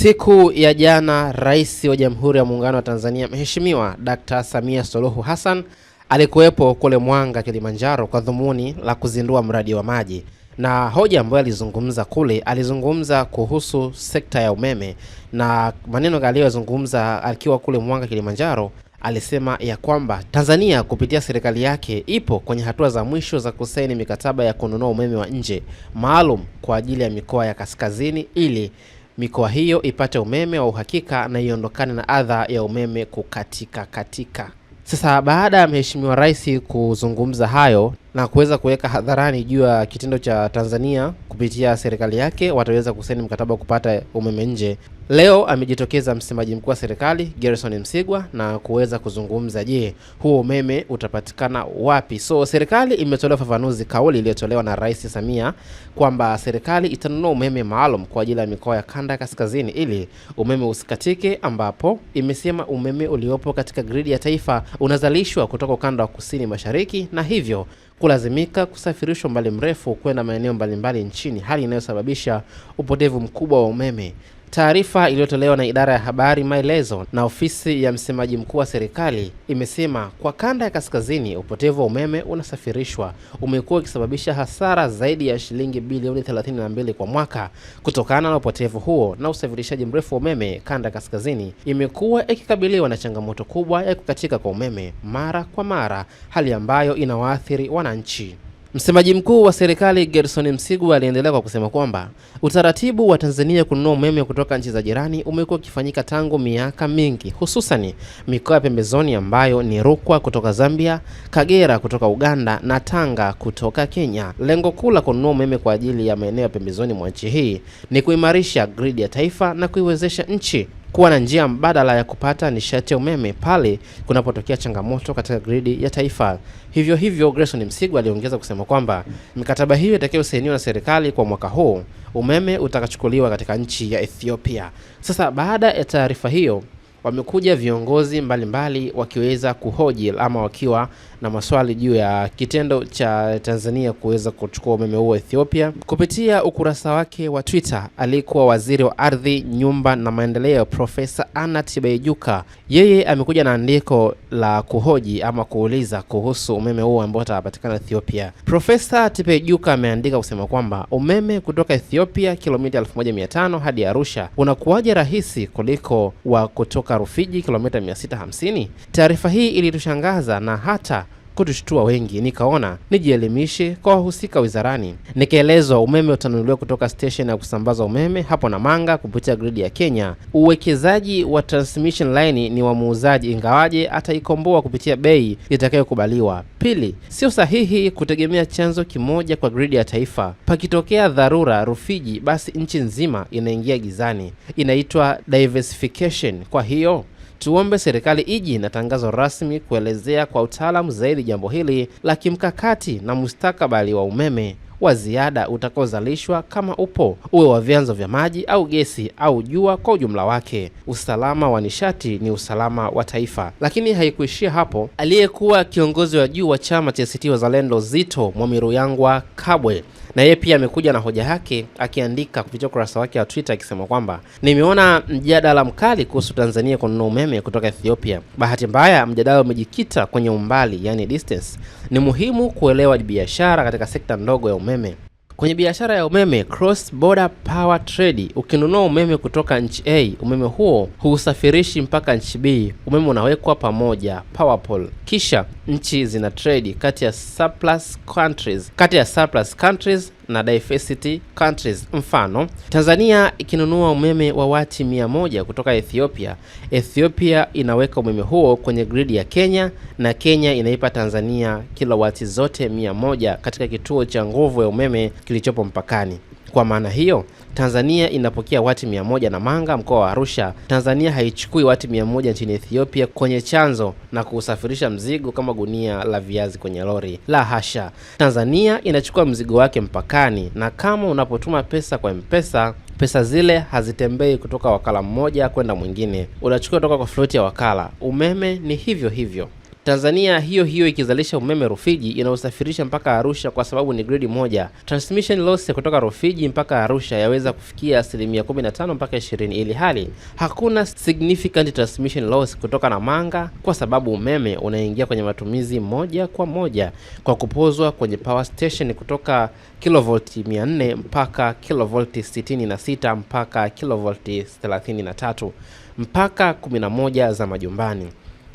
Siku ya jana Rais wa Jamhuri ya Muungano wa Tanzania Mheshimiwa Dkt. Samia Suluhu Hassan alikuwepo kule Mwanga, Kilimanjaro kwa dhumuni la kuzindua mradi wa maji, na hoja ambayo alizungumza kule, alizungumza kuhusu sekta ya umeme, na maneno aliyozungumza akiwa kule Mwanga, Kilimanjaro, alisema ya kwamba Tanzania kupitia serikali yake ipo kwenye hatua za mwisho za kusaini mikataba ya kununua umeme wa nje maalum kwa ajili ya mikoa ya kaskazini ili mikoa hiyo ipate umeme wa uhakika na iondokane na adha ya umeme kukatika katika. Sasa baada ya Mheshimiwa Rais kuzungumza hayo na kuweza kuweka hadharani juu ya kitendo cha Tanzania kupitia serikali yake wataweza kusaini mkataba wa kupata umeme nje. Leo amejitokeza msemaji mkuu wa serikali Gerson Msigwa na kuweza kuzungumza, je, huo umeme utapatikana wapi? So serikali imetolea ufafanuzi kauli iliyotolewa na Rais Samia kwamba serikali itanunua umeme maalum kwa ajili ya mikoa ya kanda ya kaskazini ili umeme usikatike, ambapo imesema umeme uliopo katika gridi ya taifa unazalishwa kutoka ukanda wa kusini mashariki na hivyo kulazimika kusafirishwa mbali mrefu kwenda maeneo mbalimbali nchini, hali inayosababisha upotevu mkubwa wa umeme. Taarifa iliyotolewa na idara ya habari, maelezo na ofisi ya msemaji mkuu wa serikali imesema kwa kanda ya kaskazini, upotevu wa umeme unasafirishwa umekuwa ukisababisha hasara zaidi ya shilingi bilioni 32 kwa mwaka. Kutokana na upotevu huo na usafirishaji mrefu wa umeme, kanda ya kaskazini imekuwa ikikabiliwa na changamoto kubwa ya kukatika kwa umeme mara kwa mara, hali ambayo inawaathiri wananchi. Msemaji mkuu wa serikali Gerson Msigwa aliendelea kwa kusema kwamba utaratibu wa Tanzania kununua umeme kutoka nchi za jirani umekuwa ukifanyika tangu miaka mingi, hususani mikoa ya pembezoni ambayo ni Rukwa kutoka Zambia, Kagera kutoka Uganda na Tanga kutoka Kenya. Lengo kuu la kununua umeme kwa ajili ya maeneo ya pembezoni mwa nchi hii ni kuimarisha gridi ya taifa na kuiwezesha nchi kuwa na njia mbadala ya kupata nishati ya umeme pale kunapotokea changamoto katika gridi ya taifa. Hivyo hivyo, Gerson Msigwa aliongeza kusema kwamba mikataba hiyo itakayosainiwa na serikali kwa mwaka huu, umeme utakachukuliwa katika nchi ya Ethiopia. Sasa baada ya taarifa hiyo wamekuja viongozi mbalimbali wakiweza kuhoji ama wakiwa na maswali juu ya kitendo cha Tanzania kuweza kuchukua umeme huo Ethiopia. Kupitia ukurasa wake wa Twitter, aliyekuwa waziri wa ardhi, nyumba na maendeleo Profesa Anna Tibaijuka, yeye amekuja na andiko la kuhoji ama kuuliza kuhusu umeme huo ambao utapatikana Ethiopia. Profesa Tibaijuka ameandika kusema kwamba umeme kutoka Ethiopia kilomita 1500 hadi Arusha unakuwaje rahisi kuliko wa kutoka Rufiji kilomita 650? Taarifa hii ilitushangaza na hata kutushtua wengi, nikaona nijielimishe kwa wahusika wizarani. Nikaelezwa umeme utanunuliwa kutoka station ya kusambaza umeme hapo na manga kupitia gridi ya Kenya. Uwekezaji wa transmission line ni wa muuzaji, ingawaje ataikomboa kupitia bei itakayokubaliwa. Pili, sio sahihi kutegemea chanzo kimoja kwa gridi ya taifa. Pakitokea dharura Rufiji, basi nchi nzima inaingia gizani. Inaitwa diversification. Kwa hiyo Tuombe serikali iji na tangazo rasmi kuelezea kwa utaalamu zaidi jambo hili la kimkakati na mustakabali wa umeme wa ziada utakaozalishwa kama upo, uwe wa vyanzo vya maji au gesi au jua kwa ujumla wake. Usalama wa nishati ni usalama wa taifa. Lakini haikuishia hapo. Aliyekuwa kiongozi wa juu wa chama cha ACT Wazalendo, Zitto Mwamiru Yangwa Kabwe na yeye pia amekuja na hoja yake akiandika kupitia ukurasa wake wa Twitter akisema kwamba nimeona mjadala mkali kuhusu Tanzania kununua umeme kutoka Ethiopia. Bahati mbaya, mjadala umejikita kwenye umbali, yani distance. Ni muhimu kuelewa biashara katika sekta ndogo ya umeme Kwenye biashara ya umeme cross border power trade, ukinunua umeme kutoka nchi A, umeme huo huusafirishi mpaka nchi B. Umeme unawekwa pamoja power pole, kisha nchi zina trade kati ya surplus countries, kati ya surplus countries na deficit countries. Mfano, Tanzania ikinunua umeme wa wati 1 kutoka Ethiopia, Ethiopia inaweka umeme huo kwenye gridi ya Kenya na Kenya inaipa Tanzania kilowati zote 1 katika kituo cha nguvu ya umeme kilichopo mpakani. Kwa maana hiyo Tanzania inapokea wati 1 moja na manga mkoa wa Arusha. Tanzania haichukui wati mia moja nchini Ethiopia kwenye chanzo na kuusafirisha mzigo kama gunia la viazi kwenye lori. La hasha, Tanzania inachukua mzigo wake mpakani, na kama unapotuma pesa kwa Mpesa, pesa zile hazitembei kutoka wakala mmoja kwenda mwingine, unachukua kutoka kwa floti ya wakala. Umeme ni hivyo hivyo. Tanzania hiyo hiyo ikizalisha umeme Rufiji inaosafirisha mpaka Arusha kwa sababu ni gridi moja. Transmission loss kutoka Rufiji mpaka Arusha yaweza kufikia asilimia 15 mpaka 20, ili hali hakuna significant transmission loss kutoka Namanga kwa sababu umeme unaingia kwenye matumizi moja kwa moja kwa kupozwa kwenye power station kutoka kilovolti 400 mpaka kilovolti 66 mpaka kilovolti 33 mpaka 11 za majumbani.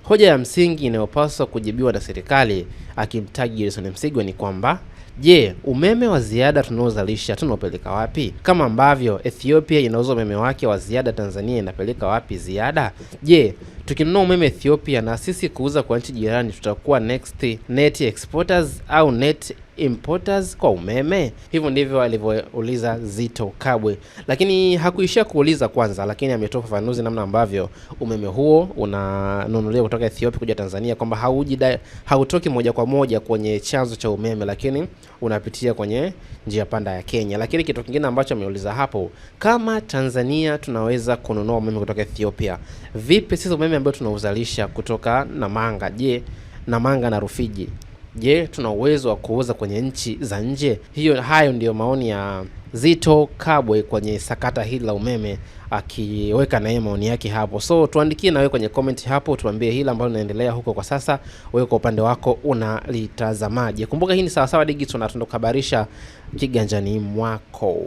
Hoja ya msingi inayopaswa kujibiwa na serikali, akimtaji Gerson Msigwa, ni kwamba je, umeme wa ziada tunaozalisha tunaopeleka wapi? Kama ambavyo Ethiopia inauza umeme wake wa ziada, Tanzania inapeleka wapi ziada? Je, tukinunua umeme Ethiopia na sisi kuuza kwa nchi jirani, tutakuwa next net exporters au net importers kwa umeme? Hivyo ndivyo alivyouliza Zito Kabwe, lakini hakuishia kuuliza kwanza, lakini ametoa ufafanuzi namna ambavyo umeme huo unanunuliwa kutoka Ethiopia kuja Tanzania, kwamba hauji hautoki moja kwa moja kwenye chanzo cha umeme, lakini unapitia kwenye njia panda ya Kenya. Lakini kitu kingine ambacho ameuliza hapo, kama Tanzania tunaweza kununua umeme kutoka Ethiopia, vipi sisi umeme ambao tunauzalisha kutoka Namanga, je, Namanga na Rufiji Je, tuna uwezo wa kuuza kwenye nchi za nje? Hiyo, hayo ndiyo maoni ya Zito Kabwe kwenye sakata hili la umeme, akiweka na maoni yake hapo. So tuandikie na wewe kwenye comment hapo, tuambie hili ambalo linaendelea huko kwa sasa, wewe kwa upande wako unalitazamaje? Kumbuka hii ni Sawasawa Digital na tunatokuhabarisha kiganjani mwako.